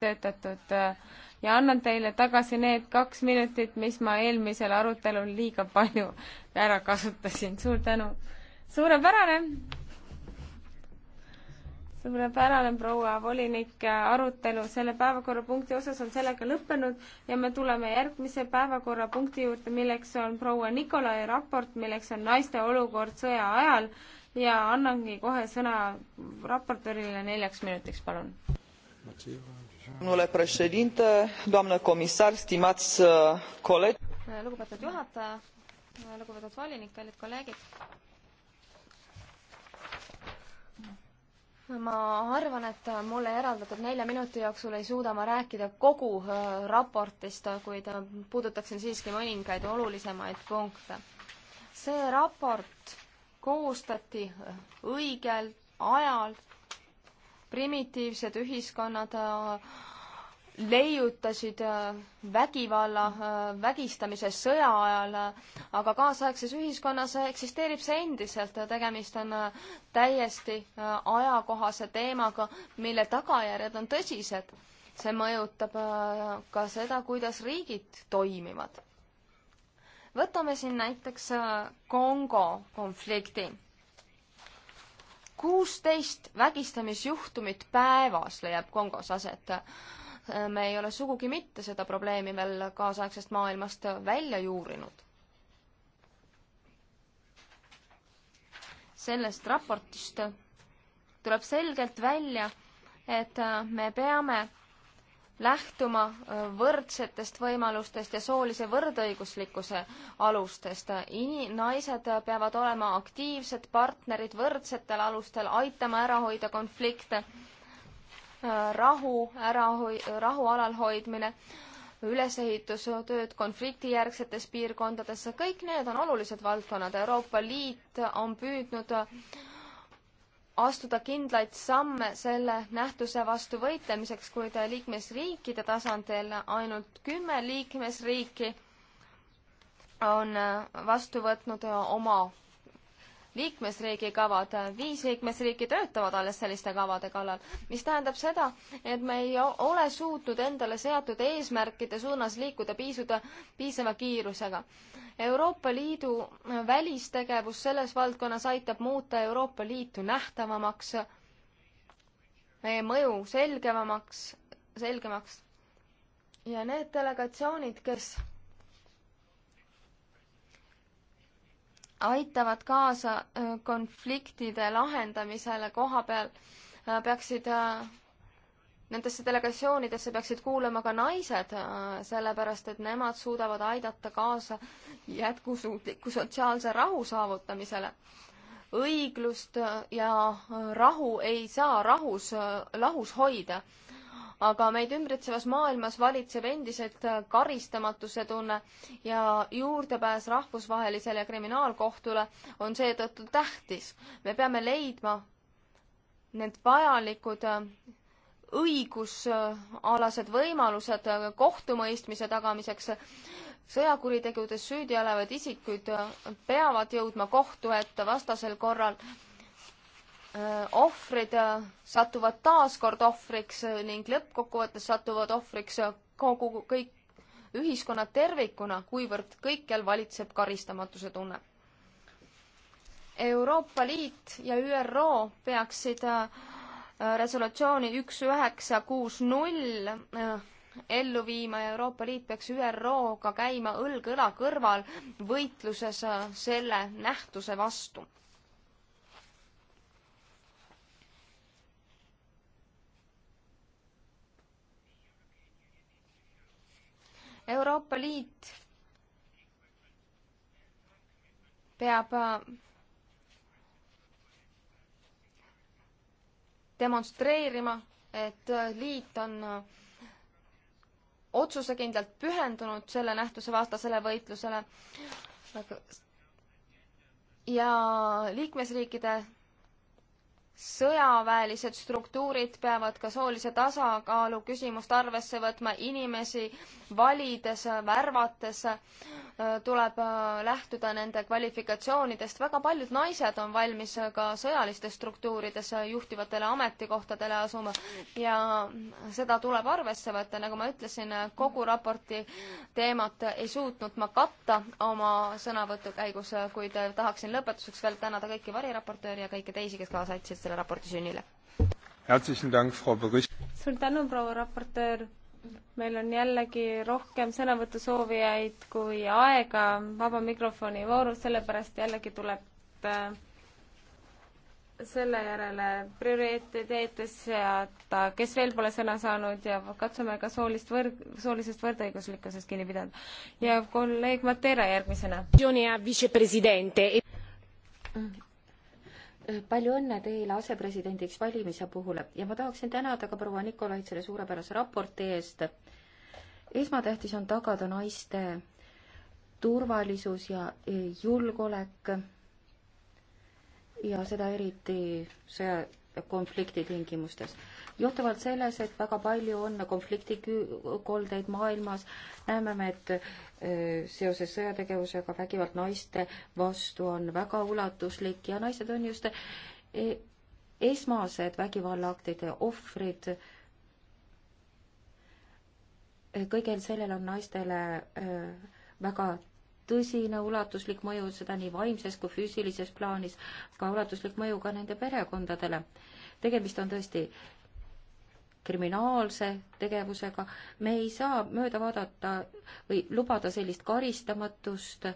töötatud ja annan teile tagasi need kaks minutit, mis ma eelmisel arutelul liiga palju ära kasutasin. suur tänu. suurepärane. suurepärane, proua volinik, arutelu selle päevakorrapunkti osas on sellega lõppenud ja me tuleme järgmise päevakorrapunkti juurde, milleks on proua Nikolai raport, milleks on naiste olukord sõja ajal ja annangi kohe sõna raportöörile neljaks minutiks, palun. Merci domnule președinte doamnă comisar stimați uh, colegi lugupeetud juhataja lugupeetud volinik kallid kolleegid ma arvan et mulle eraldatud nelja minuti jooksul ei suuda ma rääkida kogu uh, raportist kuid uh, puudutaksin siiski mõningaid olulisemaid punkte see raport koostati õigel ajal primitiivsed ühiskonnad äh, leiutasid äh, vägivalla, äh, vägistamise sõja ajal, aga kaasaegses ühiskonnas eksisteerib see endiselt ja tegemist on täiesti ajakohase teemaga, mille tagajärjed on tõsised. see mõjutab ka seda, kuidas riigid toimivad. võtame siin näiteks Kongo konflikti kuusteist vägistamisjuhtumit päevas leiab Kongos aset. me ei ole sugugi mitte seda probleemi veel kaasaegsest maailmast välja juurinud. sellest raportist tuleb selgelt välja, et me peame lähtuma äh, võrdsetest võimalustest ja soolise võrdõiguslikkuse alustest. Ini-, naised peavad olema aktiivsed partnerid võrdsetel alustel, aitama ära hoida konflikte, äh, rahu ära hoi-, rahu alal hoidmine, ülesehitustööd konfliktijärgsetes piirkondades, kõik need on olulised valdkonnad. Euroopa Liit on püüdnud astuda kindlaid samme selle nähtuse vastu võitlemiseks, kuid liikmesriikide tasandil ainult kümme liikmesriiki on vastu võtnud oma liikmesriigi kavad, viis liikmesriiki töötavad alles selliste kavade kallal, mis tähendab seda, et me ei ole suutnud endale seatud eesmärkide suunas liikuda piisuda, piisava kiirusega. Euroopa Liidu välistegevus selles valdkonnas aitab muuta Euroopa Liitu nähtavamaks, meie mõju selgemaks, selgemaks ja need delegatsioonid, kes aitavad kaasa äh, konfliktide lahendamisele koha peal, äh, peaksid äh, nendesse delegatsioonidesse peaksid kuulama ka naised, sellepärast et nemad suudavad aidata kaasa jätkusuutliku sotsiaalse rahu saavutamisele. õiglust ja rahu ei saa rahus, lahus hoida aga meid ümbritsevas maailmas valitseb endiselt äh, karistamatuse tunne ja juurdepääs rahvusvahelisele kriminaalkohtule on seetõttu tähtis. me peame leidma need vajalikud äh, õigusalased võimalused äh, kohtumõistmise tagamiseks. sõjakuritegudes süüdi olevad isikud peavad jõudma kohtu ette, vastasel korral Äh, ohvrid äh, satuvad taas kord ohvriks äh, ning lõppkokkuvõttes satuvad ohvriks kogu, kõik ühiskonnad tervikuna, kuivõrd kõikjal valitseb karistamatuse tunne. Euroopa Liit ja ÜRO peaksid resolutsiooni üks üheksa kuus null ellu viima ja Euroopa Liit peaks ÜRO-ga käima õlg õla kõrval võitluses selle nähtuse vastu Euroopa Liit peab äh, demonstreerima, et äh, liit on äh, otsusekindlalt pühendunud selle nähtuse vastasele võitlusele ja liikmesriikide sõjaväelised struktuurid peavad ka soolise tasakaalu küsimust arvesse võtma inimesi valides, värvates tuleb äh, lähtuda nende kvalifikatsioonidest. väga paljud naised on valmis ka sõjalistes struktuurides äh, juhtivatele ametikohtadele asuma ja seda tuleb arvesse võtta. nagu ma ütlesin, äh, kogu raporti teemat ei suutnud ma katta oma sõnavõtu käigus, kuid tahaksin lõpetuseks veel tänada kõiki variraportööre ja kõiki teisi, kes kaasa aitasid selle raporti sünnile. suur tänu, proua raportöör meil on jällegi rohkem sõnavõtusoovijaid kui aega vaba mikrofoni voorus, sellepärast jällegi tuleb äh, selle järele prioriteete seada, kes veel pole sõna saanud ja katsume ka soolist võrd, soolisest võrdõiguslikkusest kinni pidada. ja kolleeg Matera järgmisena palju õnne teile asepresidendiks valimise puhul ja ma tahaksin tänada ka proua Nikolait selle suurepärase raporti eest. esmatähtis on tagada naiste turvalisus ja julgeolek ja seda eriti sõjakonflikti tingimustes johtuvalt selles, et väga palju on konfliktikoldeid maailmas, näeme me, et äh, seoses sõjategevusega vägivald naiste vastu on väga ulatuslik ja naised on just e, esmased vägivallaaktide ohvrid. kõigel sellel on naistele äh, väga tõsine ulatuslik mõju, seda nii vaimses kui füüsilises plaanis, ka ulatuslik mõju ka nende perekondadele. tegemist on tõesti kriminaalse tegevusega, me ei saa mööda vaadata või lubada sellist karistamatust.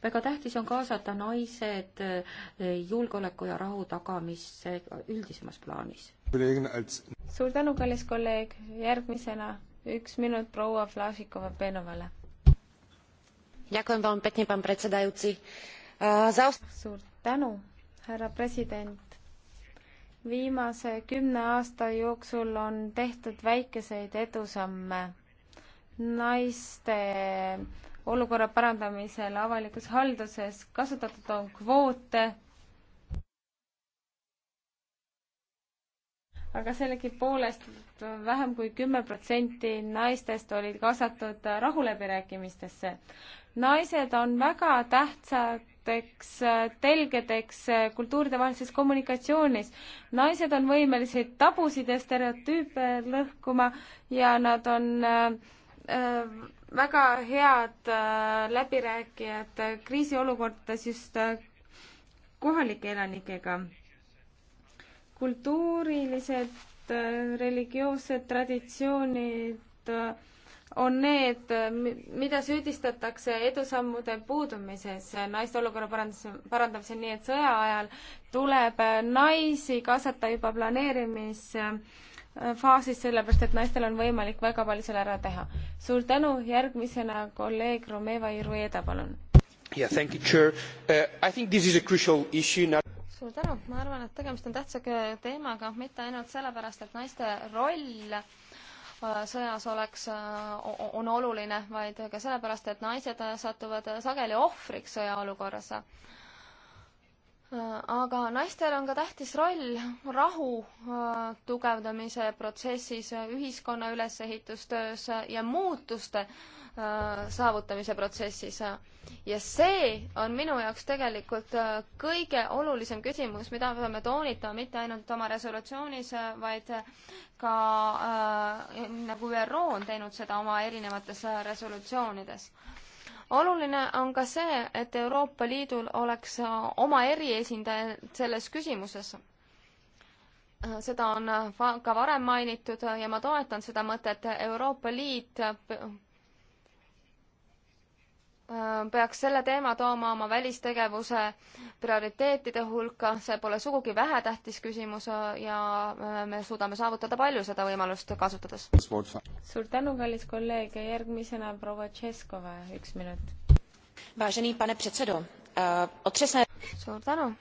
väga tähtis on kaasata naised eh, julgeoleku ja rahu tagamisse üldisemas plaanis. suur tänu, kallis kolleeg, järgmisena üks minut proua Flašikova-Penovale. Eh, suur tänu, härra president viimase kümne aasta jooksul on tehtud väikeseid edusamme naiste olukorra parandamisel avalikus halduses, kasutatud on kvoote. aga sellegipoolest vähem kui kümme protsenti naistest olid kaasatud rahuläbirääkimistesse. naised on väga tähtsad suurteks telgedeks kultuuridevahelistes kommunikatsioonis. naised on võimelised tabusid ja stereotüüpe lõhkuma ja nad on äh, äh, väga head äh, läbirääkijad kriisiolukordades just kohalike elanikega. kultuurilised, religioossed traditsioonid on need, mida süüdistatakse edusammude puudumises naiste olukorra parandamisel, parandamisel, nii et sõja ajal tuleb naisi kaasata juba planeerimisfaasis, sellepärast et naistel on võimalik väga palju seal ära teha. suur tänu, järgmisena kolleeg Romeva Irueda, palun. Yeah, thank you, Chair. Uh, I think this is a crucial issue now suur tänu, ma arvan, et tegemist on tähtsa teemaga, mitte ainult sellepärast, et naiste roll uh, sõjas oleks, äh, on oluline, vaid ka sellepärast, et naised satuvad sageli ohvriks sõjaolukorras. aga naistel on ka tähtis roll rahu äh, tugevdamise protsessis, ühiskonna ülesehitustöös ja muutuste Äh, saavutamise protsessis. ja see on minu jaoks tegelikult äh, kõige olulisem küsimus, mida me peame toonitama mitte ainult oma resolutsioonis, äh, vaid ka äh, nagu ÜRO on teinud seda oma erinevates resolutsioonides oluline on ka see, et Euroopa Liidul oleks oma eriesindaja selles küsimuses seda on ka varem mainitud ja ma toetan seda mõtet, Euroopa Liit Äh, peaks selle teema tooma oma välistegevuse prioriteetide hulka, see pole sugugi vähetähtis küsimus äh, ja äh, me suudame saavutada palju seda võimalust kasutades. suur tänu, kallis kolleeg ja järgmisena proua Tšeskova, üks minut. suur tänu.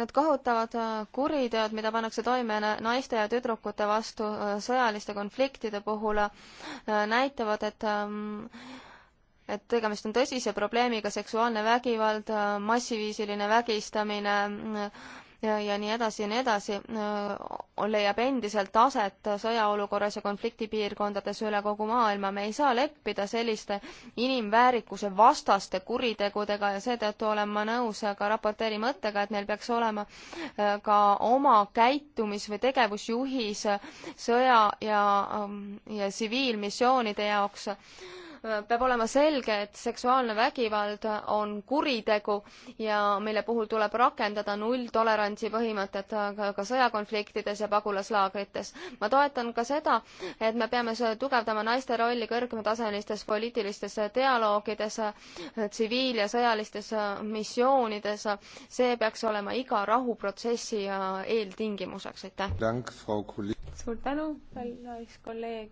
Nad kohutavad äh, kuriteod, mida pannakse toime naiste ja tüdrukute vastu äh, sõjaliste konfliktide puhul, äh, näitavad, et ähm, et tegemist on tõsise probleemiga, seksuaalne vägivald, massiviisiline vägistamine, ja nii edasi ja nii edasi, leiab endiselt aset sõjaolukorras ja konfliktipiirkondades üle kogu maailma. me ei saa leppida selliste inimväärikuse vastaste kuritegudega ja seetõttu olen ma nõus ka raporteeri mõttega, et meil peaks olema ka oma käitumis- või tegevusjuhis sõja ja, ja tsiviilmissioonide jaoks peab olema selge, et seksuaalne vägivald on kuritegu ja mille puhul tuleb rakendada nulltolerantsi põhimõtet ka sõjakonfliktides ja pagulaslaagrites. ma toetan ka seda, et me peame tugevdama naiste rolli kõrgematasemelistes poliitilistes dialoogides, tsiviil- ja sõjalistes missioonides. see peaks olema iga rahuprotsessi äh, eeltingimuseks, aitäh. suur tänu, kallis kolleeg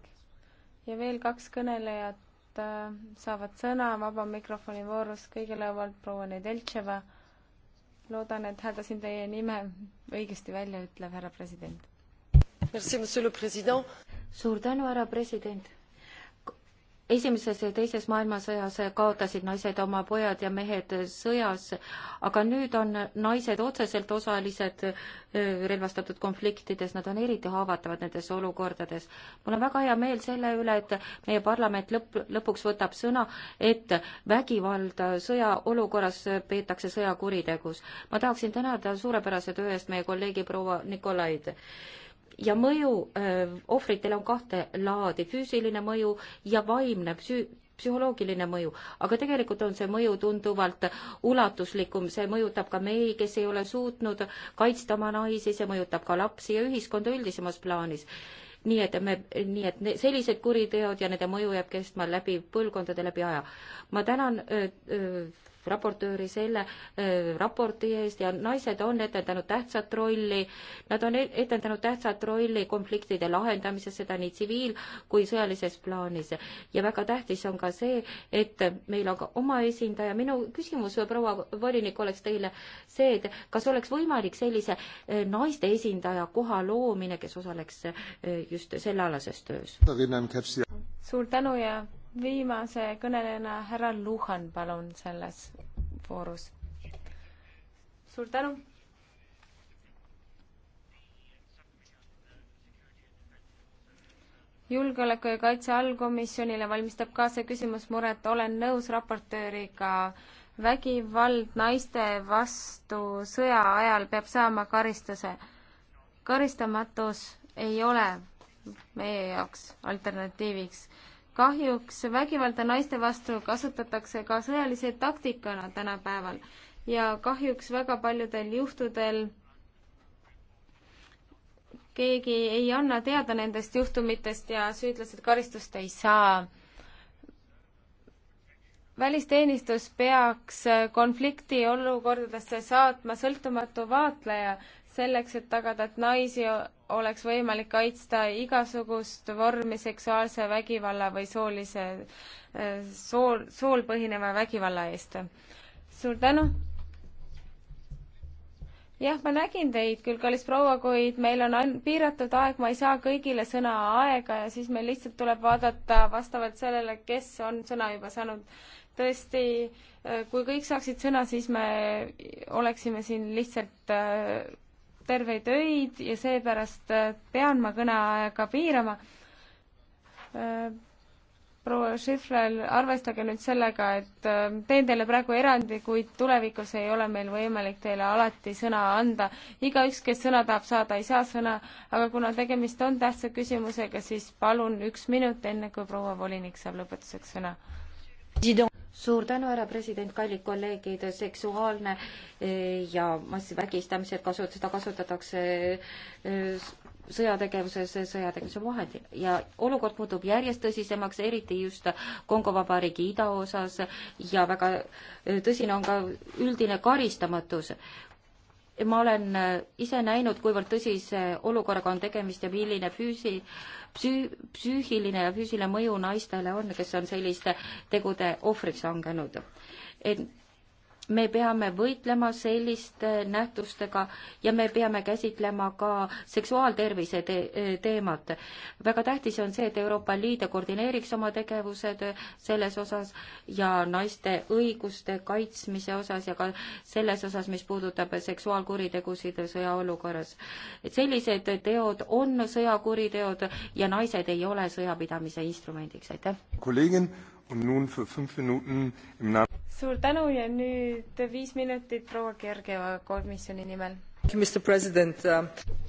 ja veel kaks kõnelejat Äh, saavad sõna vaba mikrofoni voorus kõigepealt proua Nedeltševa. loodan, et hääldasin teie nime õigesti välja, ütleb härra president. suur tänu, härra president esimeses ja teises maailmasõjas kaotasid naised oma pojad ja mehed sõjas, aga nüüd on naised otseselt osalised äh, relvastatud konfliktides, nad on eriti haavatavad nendes olukordades. mul on väga hea meel selle üle, et meie parlament lõpp, lõpuks võtab sõna, et vägivalda sõjaolukorras peetakse sõjakuritegus. ma tahaksin tänada suurepärase töö eest meie kolleegi proua Nikolaid ja mõju ohvritele on kahte laadi, füüsiline mõju ja vaimne psüü-, psühholoogiline mõju, aga tegelikult on see mõju tunduvalt ulatuslikum, see mõjutab ka mehi, kes ei ole suutnud kaitsta oma naisi, see mõjutab ka lapsi ja ühiskonda üldisemas plaanis. nii et me, nii et ne, sellised kuriteod ja nende mõju jääb kestma läbi põlvkondade, läbi aja. ma tänan öö, öö, raportööri selle äh, raporti eest ja naised on etendanud tähtsat rolli, nad on etendanud tähtsat rolli konfliktide lahendamises, seda nii tsiviil- kui sõjalises plaanis. ja väga tähtis on ka see, et meil on ka oma esindaja, minu küsimus, proua volinik, oleks teile see, et kas oleks võimalik sellise äh, naiste esindaja koha loomine, kes osaleks äh, just sellealases töös? suur tänu ja viimase kõnelejana härra Luhan, palun, selles voorus. suur tänu. julgeoleku ja kaitse allkomisjonile valmistab ka see küsimus muret, olen nõus raportööriga. vägivald naiste vastu sõja ajal peab saama karistuse. karistamatus ei ole meie jaoks alternatiiviks kahjuks vägivalda naiste vastu kasutatakse ka sõjalise taktikana tänapäeval ja kahjuks väga paljudel juhtudel keegi ei anna teada nendest juhtumitest ja süüdlased karistust ei saa. välisteenistus peaks konflikti olukordadesse saatma sõltumatu vaatleja selleks, et tagada, et naisi oleks võimalik kaitsta igasugust vormi seksuaalse vägivalla või soolise, sool, sool põhineva vägivalla eest. suur tänu! jah, ma nägin teid küll, kallis proua, kuid meil on ain-, piiratud aeg, ma ei saa kõigile sõna aega ja siis meil lihtsalt tuleb vaadata vastavalt sellele, kes on sõna juba saanud. tõesti, äh, kui kõik saaksid sõna, siis me oleksime siin lihtsalt äh, terveid öid ja seepärast äh, pean ma kõneaega piirama. Äh, proua Schifrel, arvestage nüüd sellega, et äh, teen teile praegu erandi, kuid tulevikus ei ole meil võimalik teile alati sõna anda. igaüks, kes sõna tahab saada, ei saa sõna, aga kuna tegemist on tähtsa küsimusega, siis palun üks minut, enne kui proua volinik saab lõpetuseks sõna suur tänu, härra president, kallid kolleegid, seksuaalne eh, ja massivägistamised kasu-, seda kasutatakse eh, sõjategevuses, sõjategevuse vahendil ja olukord muutub järjest tõsisemaks, eriti just Kongo Vabariigi idaosas ja väga eh, tõsine on ka üldine karistamatus ma olen äh, ise näinud, kuivõrd tõsise äh, olukorraga on tegemist ja milline füüsi, psüü-, psüühiline ja füüsiline mõju naistele on, kes on selliste tegude ohvriks langenud. et me peame võitlema selliste nähtustega ja me peame käsitlema ka seksuaaltervise te teemat. väga tähtis on see, et Euroopa Liit koordineeriks oma tegevused selles osas ja naiste õiguste kaitsmise osas ja ka selles osas, mis puudutab seksuaalkuritegusid sõjaolukorras. et sellised teod on sõjakuriteod ja naised ei ole sõjapidamise instrumendiks, aitäh! suur tänu ja nüüd viis minutit proua Kergeva komisjoni nimel.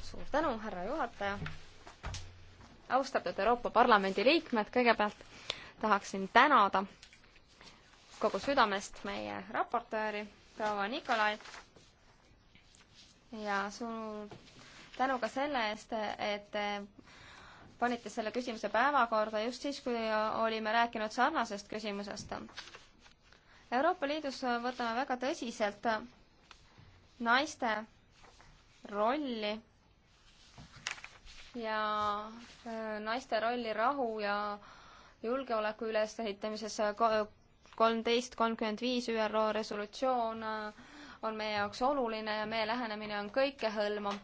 suur tänu, härra juhataja. austatud Euroopa Parlamendi liikmed, kõigepealt tahaksin tänada kogu südamest meie raportööri proua Nikolai ja suur tänu ka selle eest, et panite selle küsimuse päevakorda just siis, kui olime rääkinud sarnasest küsimusest. Euroopa Liidus võtame väga tõsiselt naiste rolli ja äh, naiste rolli rahu ja julgeoleku ülesehitamises kolmteist kolmkümmend viis ÜRO resolutsioon äh, on meie jaoks oluline ja meie lähenemine on kõikehõlmav.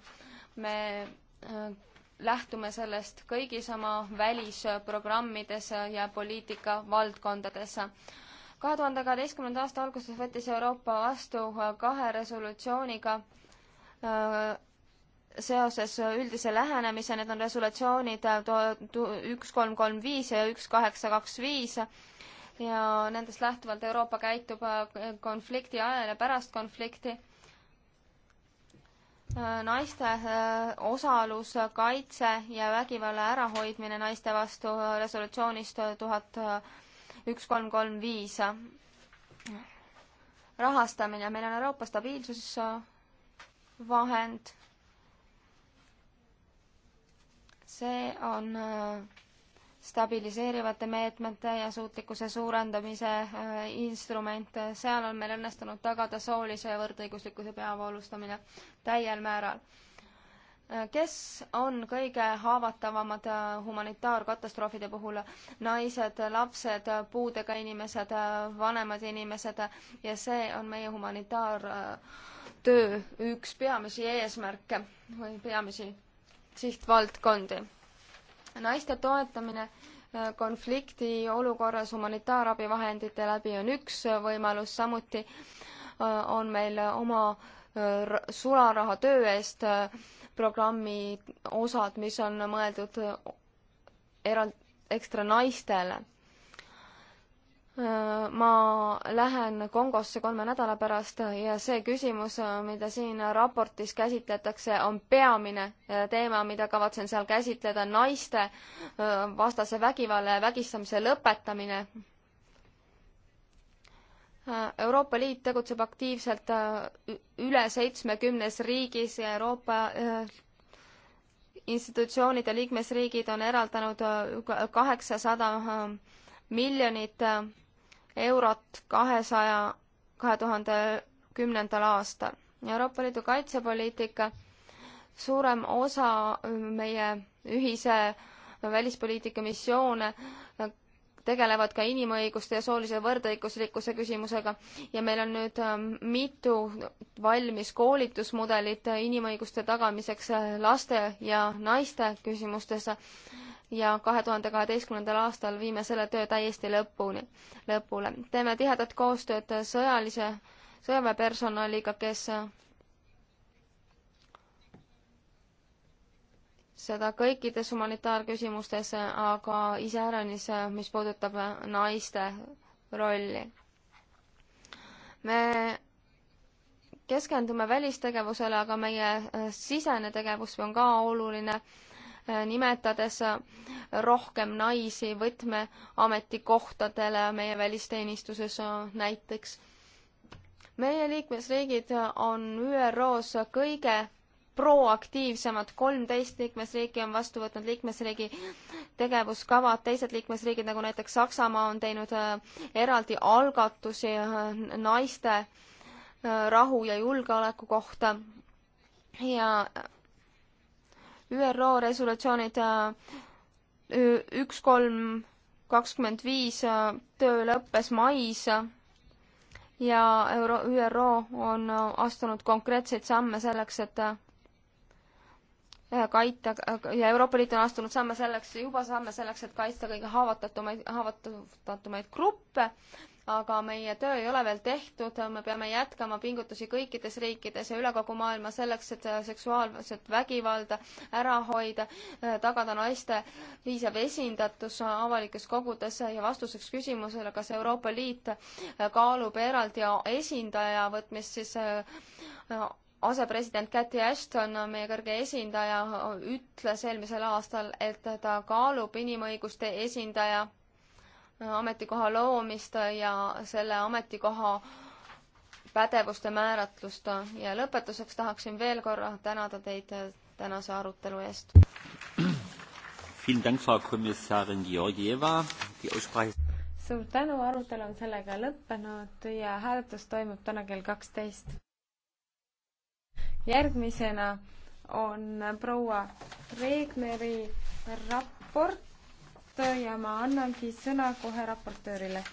me äh, lähtume sellest kõigis oma välisprogrammides ja poliitika valdkondades. kahe tuhande kaheteistkümnenda aasta alguses võttis Euroopa vastu kahe resolutsiooniga äh, seoses üldise lähenemise, need on resolutsioonid üks kolm kolm viis ja üks kaheksa kaks viis ja nendest lähtuvalt Euroopa käitub äh, konflikti ajal ja pärast konflikti Äh, naiste äh, osalus, äh, kaitse ja vägivalla ärahoidmine naiste vastu resolutsioonist tuhat üks kolm kolm viis. rahastamine, meil on Euroopa stabiilsusvahend. see on stabiliseerivate meetmete ja suutlikkuse suurendamise äh, instrument, seal on meil õnnestunud tagada soolise võrdõiguslikkuse peavoolustamine täiel määral. Äh, kes on kõige haavatavamad äh, humanitaarkatastroofide puhul? naised, lapsed, puudega inimesed, vanemad inimesed ja see on meie humanitaartöö üks peamisi eesmärke või peamisi sihtvaldkondi naiste toetamine äh, konfliktiolukorras humanitaarabivahendite läbi on üks äh, võimalus, samuti äh, on meil oma sularaha töö eest programmi osad, mis on mõeldud eraldi ekstra naistele ma lähen Kongosse kolme nädala pärast ja see küsimus, mida siin raportis käsitletakse, on peamine teema, mida kavatsen seal käsitleda, naiste äh, vastase vägivalla ja vägistamise lõpetamine. Äh, Euroopa Liit tegutseb aktiivselt äh, üle seitsmekümnes riigis ja Euroopa institutsioonid ja liikmesriigid on eraldanud kaheksasada miljonit eurot kahesaja, kahe tuhande kümnendal aastal. Euroopa Liidu kaitsepoliitika suurem osa meie ühise välispoliitika missioone tegelevad ka inimõiguste ja soolise võrdõiguslikkuse küsimusega ja meil on nüüd ähm, mitu valmis koolitusmudelit inimõiguste tagamiseks äh, laste ja naiste küsimustes ja kahe tuhande kaheteistkümnendal aastal viime selle töö täiesti lõpuni, lõpule. teeme tihedat koostööd sõjalise, sõjaväepersonaliga, kes seda kõikides humanitaarküsimustes, aga iseäranis, mis puudutab naiste rolli. me keskendume välistegevusele, aga meie sisene tegevus on ka oluline nimetades rohkem naisi võtmeametikohtadele meie välisteenistuses näiteks. meie liikmesriigid on ÜRO-s kõige proaktiivsemad, kolmteist liikmesriiki on vastu võtnud liikmesriigi tegevuskavad, teised liikmesriigid, nagu näiteks Saksamaa, on teinud äh, eraldi algatusi äh, naiste äh, rahu ja julgeoleku kohta ja ÜRO resolutsioonid äh, üks, kolm, kakskümmend viis äh, töö lõppes mais ja Euro-, ÜRO on äh, astunud konkreetseid samme selleks, et kaita ja Euroopa Liit on astunud samme selleks, juba samme selleks, et kaitsta kõige haavatatumaid, haavatatumaid gruppe aga meie töö ei ole veel tehtud, me peame jätkama pingutusi kõikides riikides ja üle kogu maailma selleks, et seksuaalset vägivalda ära hoida, tagada naiste piisav esindatus avalikes kogudes ja vastuseks küsimusele, kas Euroopa Liit kaalub eraldi esindaja võtmist siis äh, asepresident Cathy Ashton, meie kõrge esindaja, ütles eelmisel aastal, et ta kaalub inimõiguste esindaja ametikoha loomist ja selle ametikoha pädevuste määratlust ja lõpetuseks tahaksin veel korra tänada teid tänase arutelu eest. suur tänu, arutelu on sellega lõppenud ja hääletus toimub täna kell kaksteist. järgmisena on proua Regneri raport ja ma annangi sõna kohe raportöörile.